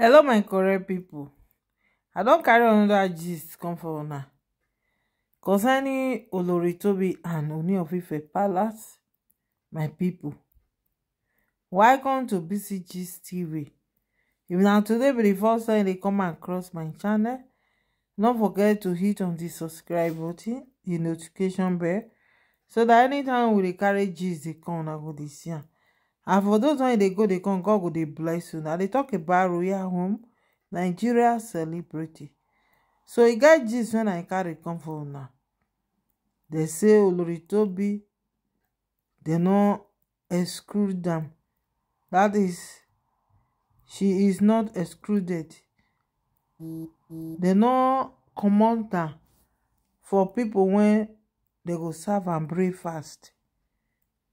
hello my correct people. i don't carry another gist come for una concerning oloritobi and oni of ife palace my people. welcome to bc tv if now today be di first time you come across my channel Don't forget to hit on the subscribe button the notification bell so that anytime we carry gist dey come and go dey see and for those when they go they come god go they bless you i they talk about royal home nigeria celebrity so e get gist wen i carry come for una dey say oloritobi oh, they no exclude am that is she is not excluded They no comot am for people when they go serve and pray fast.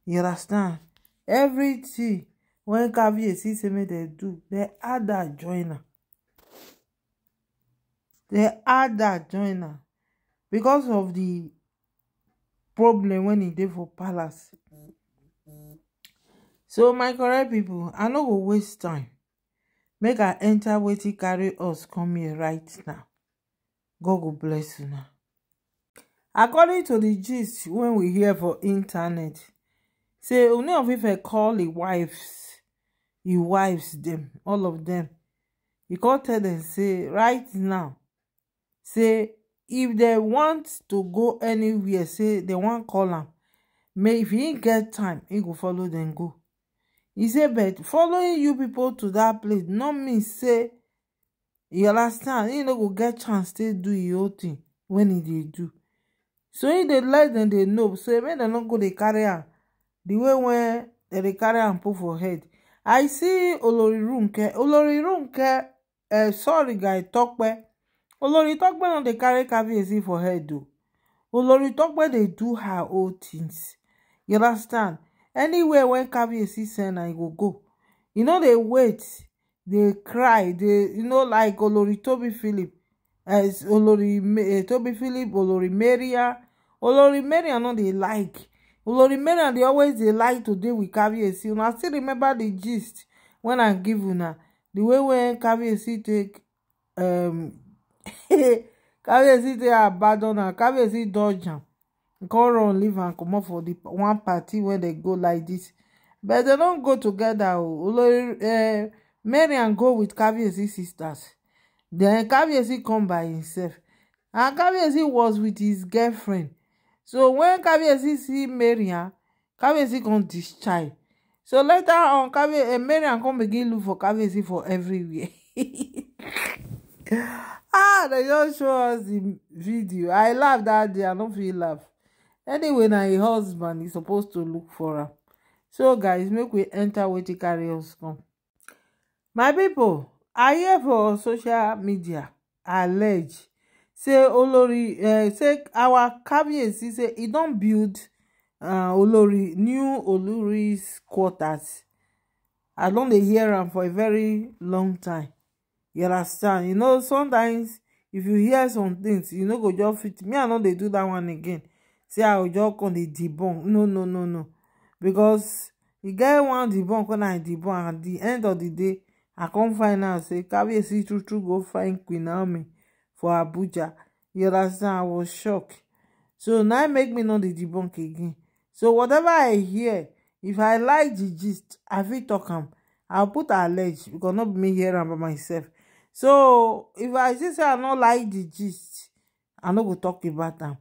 you understand everything wen see say make dem do they add that joiner. They add that joiner because of the problem when he did for palace so my correct people, i no go waste time make i enta wetin carry us come here right now god will bless you now. according to the gist when we hear for internet say only if i call im wives im wives dem all of dem e come tell dem say right now say if dem want to go anywhere say dem wan call am may if e get time he go follow dem go e say but following you pipo to dat place no mean say you understand he no go get chance to do e whole tin wen e dey do so e dey let dem dey know say make dem no go dey carry am. The way when they carry and put for head i see Olori olorirunke olorirunke uh, eh, sorry guy talk tope olori talk tope no dey carry kabiyesi for head o olori talk tope They do her old things you understand anywhere when kabiyesi send I e go go e no dey wait they cry they you know like olori Toby philip as olori uh, eh, tobi philip olori maria olori maria no they like olori mary they always they like to deal with caviarcy I still remember the gist when i give una the way when caviarcy take um caviarcy take abandon her. caviarcy dodge am come run leave am comot for the one party when they go like this, but they don't go togeda o oh. eh, Mary and go with caviarcy sisters Then caviarcy come by himself and caviarcy was with his girlfriend so wen kabiyesi see mariam kabiyesi gonna discharge so later on Kabi and eh, mariam come begin look for kabiyesi for everywhere ah they just show us the video i laugh that day i don't feel laugh anyway na im husband is supposed to look for her. so guys make we enter with the us come my people, i hear for social media allege say olori uh, say our kabiyesi say e don build uh, olori new olori's quarters i don dey hear am for a very long time you understand you know sometimes if you hear some things you no go just fit me i no dey do that one again say i go just come dey debunk no no no no because e get one debunk when i debunk at the end of the day i come find out say kabiyesi true true go find queen naomi for abuja you understand i was shocked so now make me no dey debunk again so whatever i hear if i like the gist i fit talk him. I'll put a ledge because not me hear by myself so if i just say i no like the gist i no go talk about am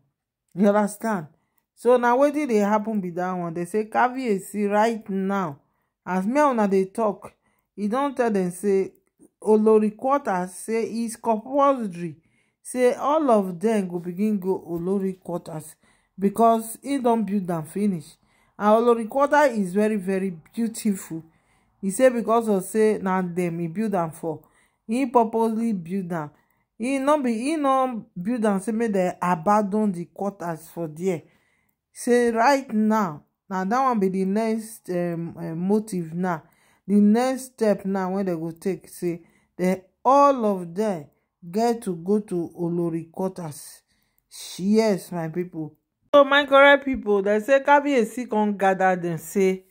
you understand so now what did dey happen with that one They say is right now as me una they talk, e he don't tell them say olori quarter say e compulsory say all of dem go begin go olori quarters because e don build am finish and olori quarter is very very beautiful e say because of say na dem e build am for e purposely build am e no be no build am say make dem abandon the quarters for there say right now na that one be the next um, um, motive now the next step now wey dem go take say all of dem get to go to olori quarters yes my pipo so my correct pipo dem say kabiyesi come gather dem say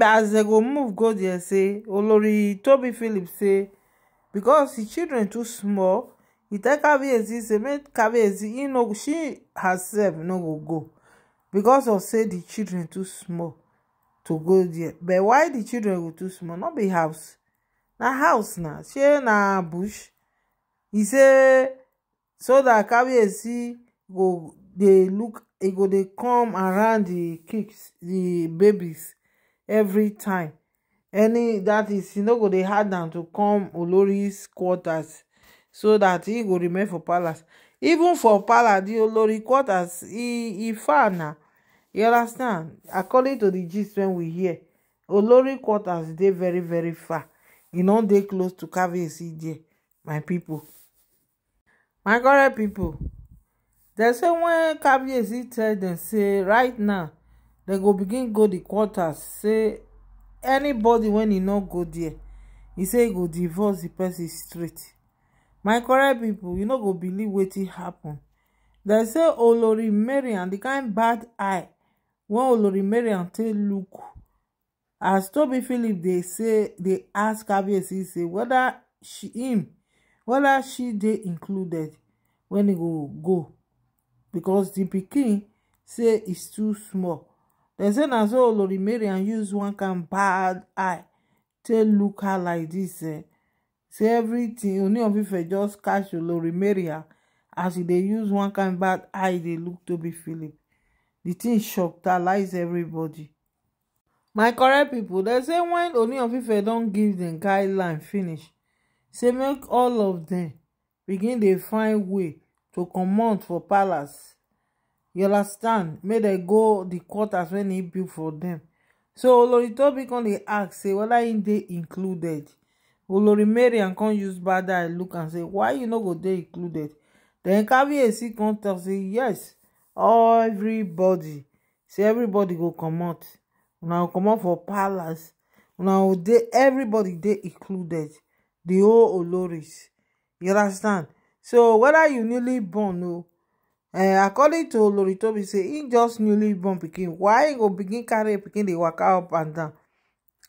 as dem go move go there say olori tobi philip say becos di children too small e tell kabiyesi say make kabiyesi no she herself no go go becos of say di children too small to go there but why di children go too small no be house na house na shey na bush He say so that kabiyesi go dey look e go dey come around the kids the babies every time any that is he no go dey hard am to come olori's quarters so that he go remain for palace even for palace the olori quarters he he far na you understand according to the gist wey we hear olori quarters dey very very far e no dey close to caviarcy there my people my correct pipo dem say wen kabiyesi tell dem say right now dem go begin go di quarters say anybody wen e no go there e say e go divorce di person straight my correct pipo you no go believe wetin happen dem say olori mariam di kind bad eye when olori mariam take look as tobi philip dey say dey ask kabiyesi say whether she him whether she dey included when e go go because the pikin say e too small dem say na so olori mariam use one kind bad eye take look her like this. eh say everything oni of ife just catch olori mariam ah, as e dey use one kind bad eye dey look tobi philip di tin shock talize everybody. my correct people, dem say when oni of ife don give dem guideline finish say make all of them begin dey find way to comot for palace you understand make dem go the quarters wey he e build for them. so olori tobi come dey ask say whether im dey included olori mariam come use bad eye look and say why you no go dey included den kabiyesi come talk say yes everybody say everybody go comot una go comot for palace una go dey everybody dey included the whole oloris you understand so whether you newly born o uh, according to olori tobi say he just newly born pikin why he go begin carry pikin the waka up and down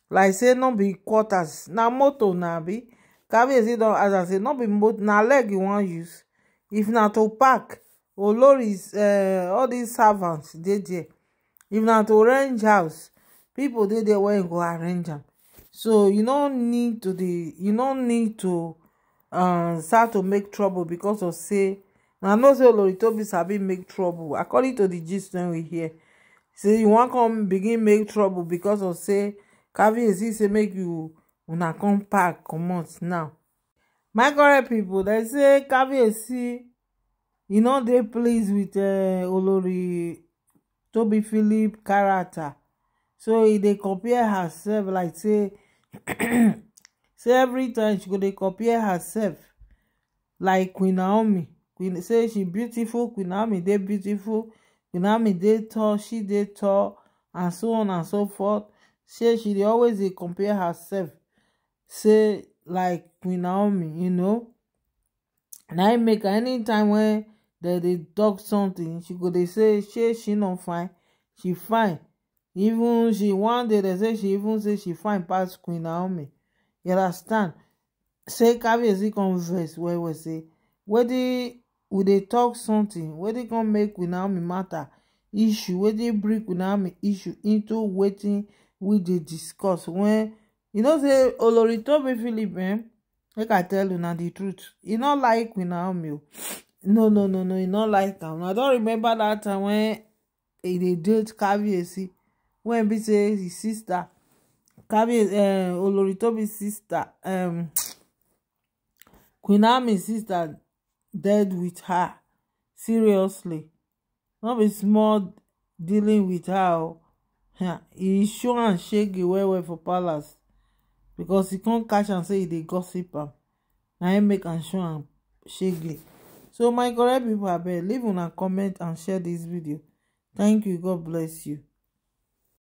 like say no be quarters na motor na be kabiyesi don ask am say no be motor na leg you want use if not to park oloris uh, all these servants dey there if not to arrange house people dey there wey go arrange them so you no need to dey you no need to uh, start to make trouble because of say na i know say oloritobi sabi make trouble according to the gist wey we hear say you wan come begin make trouble because of say see say make you una come pack comot now my correct people, dem say see e no dey pleased with uh tobi philip character so e dey compare herself like say say every time she go dey compare herself like queen naomi Queen say she beautiful queen naomi dey beautiful queen naomi dey tall she dey tall and so on and so forth say she dey always dey compare herself say like queen naomi you know na im make her anytime wen dem dey talk something she go dey say shey she no fine she fine even she one day dem say she even say she fine past queen naomi you understand say is come vex well well say they, we they talk something Where they gonna e make queen naomi matter issue Where they e bring queen naomi issue into waiting we dey discuss When you know say olori tobi philip eh make i tell una the truth e not like queen naomi no no no no e not like am i don't remember that time when they dey date kabiyesi wey be say his sister Kabi, um, olori sister um, queen naomi sister dead with her seriously no be small dealing with her o e show am shege well well for palace because he come catch am say he dey gossip am na im make am show am shege so my correct people, abeg leave una comment and share this video thank you god bless you